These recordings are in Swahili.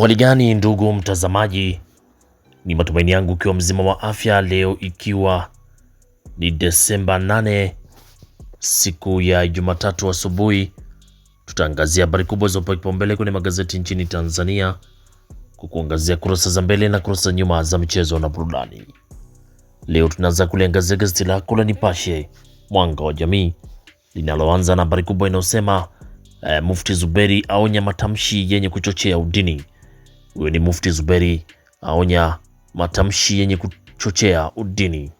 Hali gani ndugu mtazamaji, ni matumaini yangu ukiwa mzima wa afya leo, ikiwa ni Desemba 8 siku ya Jumatatu asubuhi, tutaangazia habari kubwa zilizopewa kipaumbele kwenye magazeti nchini Tanzania, kukuangazia kurasa za mbele na kurasa za nyuma za michezo na burudani. Leo tunaanza kuliangazia gazeti lako la Nipashe Mwanga wa Jamii linaloanza na habari kubwa inayosema eh, Mufti Zuberi aonya matamshi yenye kuchochea udini huyo ni Mufti Zuberi aonya matamshi yenye kuchochea udini.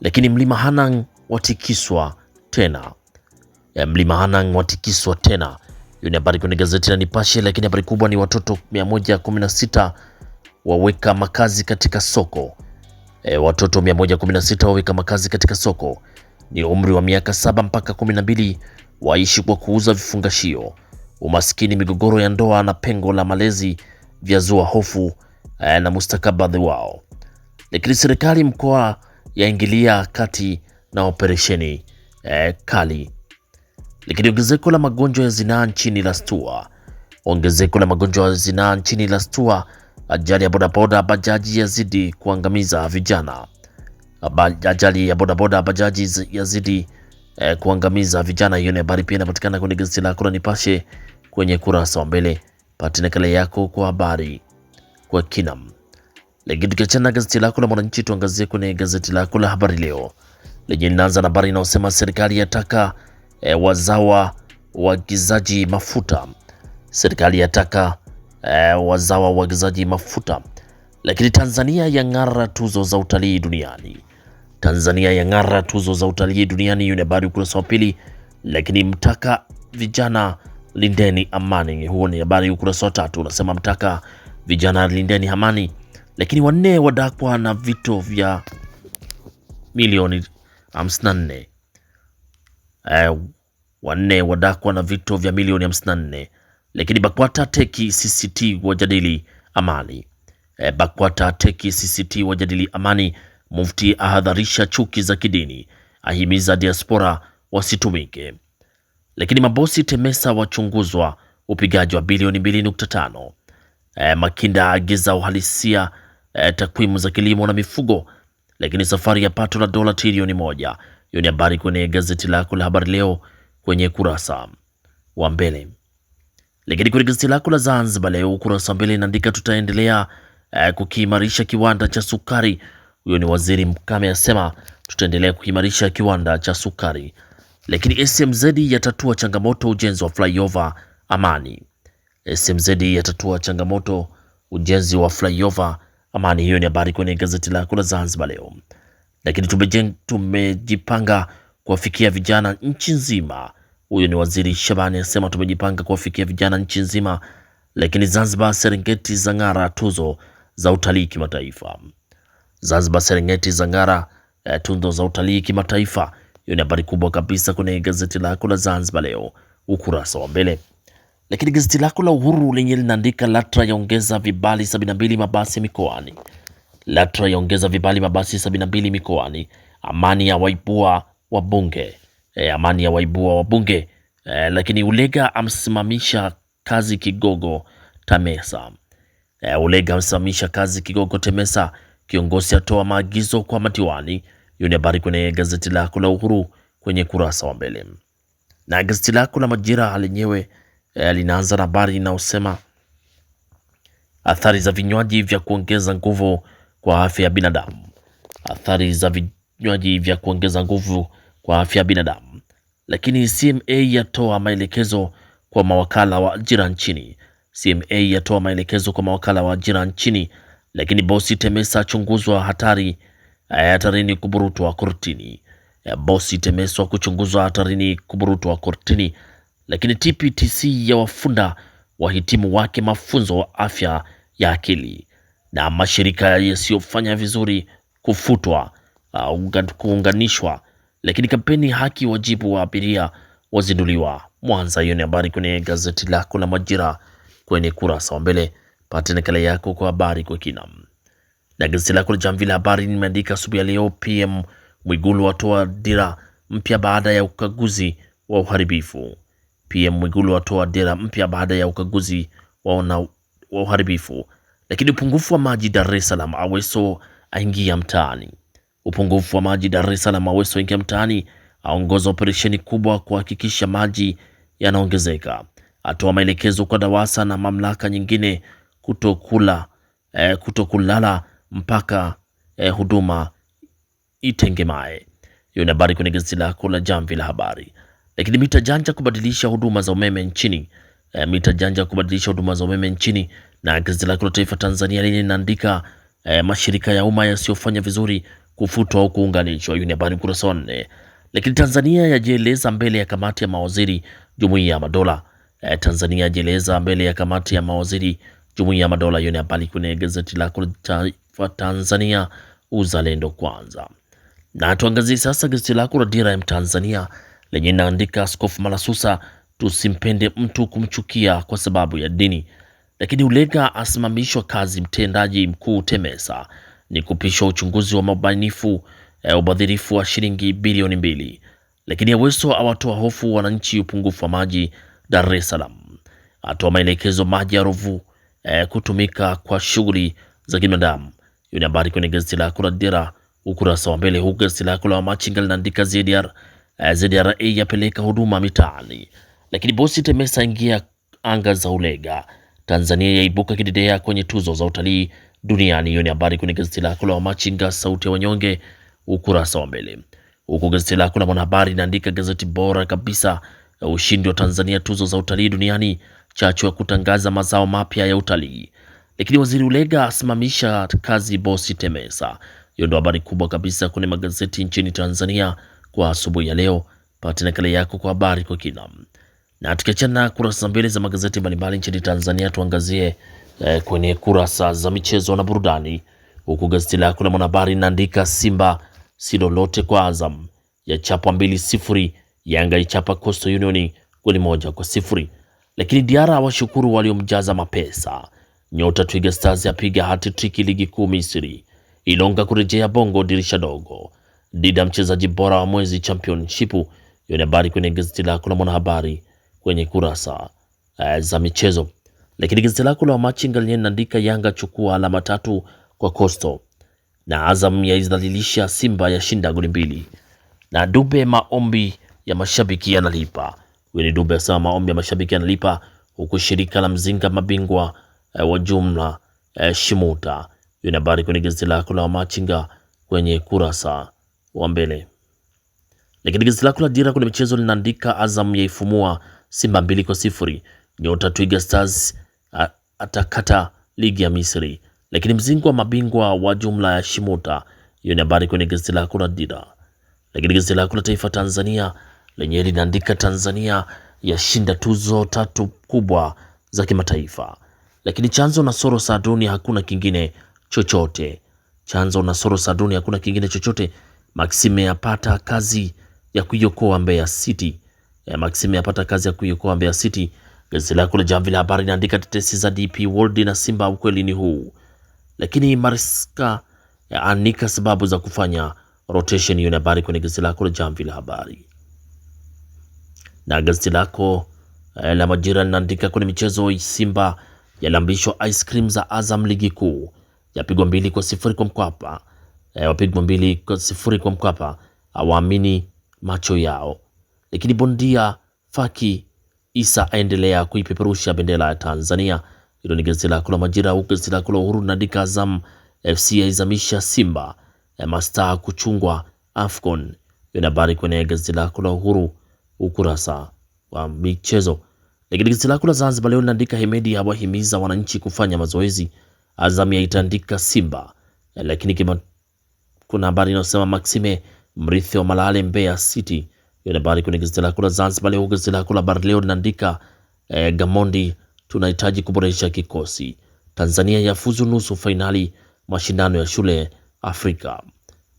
Lakini mlima Hanang watikiswa tena, ya mlima Hanang watikiswa tena. Hiyo ni habari kwenye gazeti la Nipashe. Lakini habari kubwa ni watoto 116 waweka makazi katika soko. E, watoto 116 waweka makazi katika soko, ni umri wa miaka saba mpaka 12, waishi kwa kuuza vifungashio. Umaskini, migogoro ya ndoa na pengo la malezi vyazua hofu eh, na mustakabadhi wao. Lakini serikali mkoa yaingilia kati na operesheni eh, kali. Lakini ongezeko la magonjwa ya zinaa nchini la stua, ongezeko la magonjwa ya zinaa nchini la stua. Ajali ya bodaboda bajaji yazidi kuangamiza vijana. Ajali ya bodaboda bajaji yazidi eh, kuangamiza vijana. Hiyo ni habari pia inapatikana kwenye gazeti lako la Nipashe kwenye kurasa wa mbele pata nakala yako kwa habari kwa kinam. Lakini tukiachana na gazeti lako la Mwananchi, tuangazie kwenye gazeti lako la Habari Leo lenye linaanza na habari inayosema serikali yataka e, wazawa waagizaji mafuta. Serikali yataka e, wazawa waagizaji mafuta. Lakini Tanzania yang'ara tuzo za utalii duniani. Tanzania yang'ara tuzo za utalii duniani, hiyo ni habari ukurasa wa pili. Lakini mtaka vijana lindeni amani. Huo ni habari ukurasa wa tatu, unasema mtaka vijana lindeni amani, lakini wanne wadakwa na vito vya milioni 54. Eh, wanne wadakwa na vito vya milioni 54, lakini BAKWATA teki CCT wajadili amani. E, BAKWATA teki CCT wajadili amani. Mufti ahadharisha chuki za kidini, ahimiza diaspora wasitumike. Lakini mabosi Temesa wachunguzwa upigaji wa bilioni 2.5. E, eh, Makinda agiza uhalisia e, takwimu za kilimo na mifugo, lakini safari ya pato la dola trilioni moja. Hiyo ni habari kwenye gazeti lako la habari leo kwenye kurasa wa mbele. Lakini kwenye gazeti lako la Zanzibar leo ukurasa wa mbele inaandika tutaendelea e, kukiimarisha kiwanda cha sukari. Huyo ni Waziri Mkame asema tutaendelea kukiimarisha kiwanda cha sukari. Lakini SMZ yatatua changamoto ujenzi wa flyover Amani. SMZ yatatua changamoto ujenzi wa flyover Amani. Hiyo ni habari kwenye gazeti lako la Zanzibar Leo. Lakini tumejipanga kuwafikia vijana nchi nzima. Huyo ni waziri Shabani asema tumejipanga kuwafikia vijana nchi nzima. Lakini Zanzibar Serengeti zang'ara tuzo za utalii kimataifa. Zanzibar Serengeti zang'ara eh, tuzo za utalii kimataifa. Hiyo ni habari kubwa kabisa kwenye gazeti lako la Zanzibar Leo ukurasa wa mbele. Lakini gazeti lako la Uhuru lenye linaandika LATRA yaongeza vibali 72 mabasi mikoani. LATRA yaongeza vibali mabasi 72 mikoani. Amani ya waibua wa bunge. e, amani ya waibua wa bunge. e, lakini Ulega amsimamisha kazi kigogo Tamesa e, Ulega amsimamisha kazi kigogo Tamesa. Kiongozi atoa maagizo kwa madiwani hiyo ni habari kwenye gazeti lako la Uhuru kwenye kurasa wa mbele, na gazeti lako la Majira lenyewe eh, linaanza na habari inayosema athari za vinywaji vya kuongeza nguvu kwa afya ya binadamu. Athari za vinywaji vya kuongeza nguvu kwa afya ya binadamu. Lakini CMA yatoa maelekezo kwa mawakala wa ajira nchini. CMA yatoa maelekezo kwa mawakala wa ajira nchini. Lakini bosi Temesa achunguzwa hatari hatarini kuburutwa kortini. Bosi Temeswa kuchunguzwa hatarini kuburutwa kortini. Lakini TPTC ya wafunda wahitimu wake mafunzo wa afya ya akili, na mashirika yasiyofanya vizuri kufutwa ah, kuunganishwa. Lakini kampeni haki wajibu wa abiria wazinduliwa Mwanza. Hiyo ni habari kwenye gazeti lako la Majira kwenye kurasa wa mbele. pate nakala yako kwa habari kwa kina. Na gazeti lako la Jamvi la Habari limeandika asubuhi ya leo, PM Mwigulu atoa dira mpya baada ya ukaguzi wa uharibifu. PM Mwigulu atoa dira mpya baada ya ukaguzi waona wa uharibifu. Lakini upungufu wa maji Dar es Salaam, Aweso aingia mtaani. Upungufu wa maji Dar es Salaam, Aweso aingia mtaani, aongoza operesheni kubwa kuhakikisha maji yanaongezeka. Atoa maelekezo kwa DAWASA na mamlaka nyingine kutokula, eh, kutokulala mpaka eh, huduma itengemae. Hiyo ni habari kwenye gazeti lako la Jamvi la Habari. Lakini mita janja kubadilisha huduma za umeme nchini eh, mita janja kubadilisha huduma za umeme nchini. Na gazeti lako la Taifa Tanzania lile linaandika eh, mashirika ya umma yasiyofanya vizuri kufutwa au kuunganishwa. Hiyo ni habari kurasa nne. Lakini Tanzania yajieleza mbele ya kamati ya mawaziri jumuiya ya madola eh, Tanzania yajieleza mbele ya kamati ya mawaziri jumuiya ya madola. Hiyo ni habari kwenye gazeti lako wa Tanzania, uzalendo kwanza. Na tuangazie sasa gazeti lako la Dira ya Mtanzania lenye inaandika Askofu Malasusa, tusimpende mtu kumchukia kwa sababu ya dini. Lakini Ulega asimamishwa kazi mtendaji mkuu TEMESA, ni kupishwa uchunguzi wa mabanifu e, ubadhirifu wa shilingi bilioni mbili. Lakini Aweso awatoa hofu wananchi upungufu wa maji Dar es Salaam, atoa maelekezo maji ya Ruvu e, kutumika kwa shughuli za kibinadamu. Hiyo ni habari kwenye gazeti lako la Dira ukurasa wa mbele, huku gazeti lako la Machinga linaandika ZDR eh, ZDRA yapeleka huduma mitaani, lakini bosi Temesa ingia anga za Ulega. Tanzania yaibuka kidedea kwenye tuzo za utalii duniani. Hiyo ni habari kwenye gazeti lako la Wamachinga sauti ya wanyonge ukurasa wa mbele, huku gazeti lako la Mwanahabari inaandika gazeti bora kabisa eh, ushindi wa Tanzania tuzo za utalii duniani, chachu ya kutangaza mazao mapya ya utalii lakini waziri Ulega asimamisha kazi bosi Temesa. Hiyo ndo habari kubwa kabisa kwenye magazeti nchini Tanzania kwa asubuhi ya leo. Pata nakala yako kwa habari kwa kina. Na tukiachana na kurasa mbili za magazeti mbalimbali nchini Tanzania, tuangazie eh, kwenye kurasa za michezo na burudani, huku gazeti lako la Mwanahabari inaandika Simba si lolote kwa Azam, ya chapa mbili sifuri, Yanga ichapa Coastal Union goli moja kwa sifuri, lakini Diara washukuru waliomjaza mapesa Nyota Twiga Stars yapiga hatitriki ligi kuu Misri. Ilonga kurejea bongo dirisha dogo. Dida mchezaji bora wa mwezi championship. Hiyo ni habari kwenye gazeti lako la Mwanahabari kwenye kurasa uh, za michezo. Lakini gazeti lako la Machinga lenyewe linaandika Yanga chukua alama tatu kwa Coastal na Azam yaidhalilisha Simba ya shinda goli mbili na Dube, maombi ya mashabiki yanalipa. Huyu ni Dube asema maombi ya mashabiki yanalipa, huku shirika la mzinga mabingwa eh, wa jumla eh, Shimuta. Hiyo ni habari kwenye gazeti lako la machinga kwenye kurasa wa mbele. Lakini gazeti lako la Dira kwenye michezo linaandika Azam yaifumua Simba mbili kwa sifuri, nyota Twiga Stars eh, atakata ligi ya Misri. Lakini mzingo wa mabingwa wa jumla ya Shimuta. Hiyo ni habari kwenye gazeti lako la Dira. Lakini gazeti lako la Taifa Tanzania lenyewe linaandika Tanzania yashinda tuzo tatu kubwa za kimataifa lakini chanzo na Nasoro Saaduni hakuna kingine chochote. Chanzo na Nasoro Saaduni hakuna kingine chochote. Maxime apata kazi ya kuiokoa Mbeya City. E, Maxime apata kazi ya kuiokoa Mbeya City. Gazeti lako la Jamvi la Habari linaandika tetesi za DP World na Simba, ukweli ni huu. Lakini Mariska eh, anika sababu za kufanya rotation. Hiyo ni habari kwenye gazeti lako la Jamvi la Habari na gazeti lako eh, la Majira linaandika kwenye michezo, Simba Yalambishwa ice cream za Azam ligi kuu, yapigwa mbili kwa sifuri kwa Mkwapa E, eh, wapigwa mbili kwa sifuri kwa mkwapa hawaamini macho yao. Lakini bondia Faki Isa aendelea kuipeperusha bendera ya Tanzania. Hilo ni gazeti lako la Majira, huku gazeti lako la Uhuru linaandika Azam FC yaizamisha Simba, e, masta kuchungwa AFCON. Hiyo ni habari kwenye gazeti lako la Uhuru ukurasa wa michezo. Lakini gazeti lako la Zanzibar leo linaandika Hemedi awahimiza wananchi kufanya mazoezi, Azam yaitandika Simba. Lakini kima, kuna habari inayosema Maxime mrithi wa Malale Mbeya City. Hiyo ni habari kwenye gazeti lako la Zanzibar leo. Gazeti lako la Habari Leo linaandika eh, Gamondi tunahitaji kuboresha kikosi. Tanzania yafuzu nusu fainali mashindano ya shule Afrika.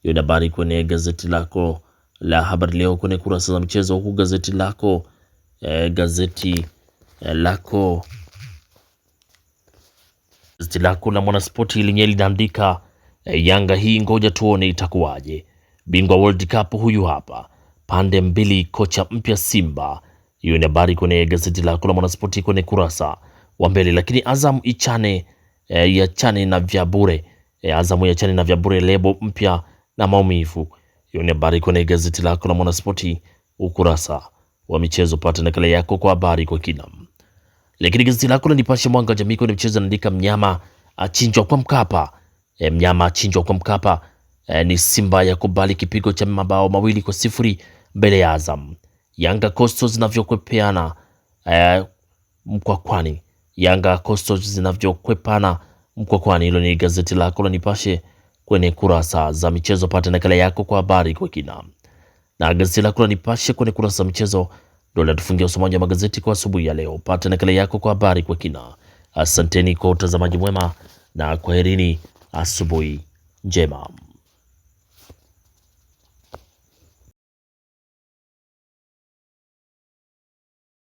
Hiyo ni habari kwenye gazeti lako la Habari Leo kwenye kurasa za mchezo, huku gazeti lako eh, gazeti Eh, lako gazeti lako la Mwanaspoti lenyewe linaandika eh, Yanga hii ngoja tuone itakuwaje. Bingwa World Cup huyu hapa, pande mbili, kocha mpya Simba. Hiyo ni habari kwenye gazeti lako la Mwanaspoti kwenye kurasa wa mbele. Lakini Azam ichane e, eh, ya chane na vya bure e, Azam ya chane na vya bure, lebo mpya na maumivu. Hiyo ni habari kwenye gazeti lako la Mwanaspoti ukurasa wa michezo. Pata nakala yako kwa habari kwa kina. Lakini gazeti lako la Nipashe mwanga wa jamii kwenye mchezo anaandika mnyama achinjwa kwa Mkapa. E, mnyama achinjwa kwa Mkapa. E, ni Simba ya kubali kipigo cha mabao mawili kwa sifuri mbele ya Azam. Yanga Coastal zinavyokwepeana e, mkwakwani. Yanga Coastal zinavyokwepana mkwakwani. Hilo ni gazeti lako la Nipashe kwenye kurasa za michezo. Pata nakala yako kwa habari kwa kina na gazeti lako la Nipashe kwenye kurasa za michezo. Ndio linatufungia usomaji wa magazeti kwa asubuhi ya leo. Pata nakala yako kwa habari kwa kina. Asanteni kwa utazamaji mwema na kwaherini, asubuhi njema.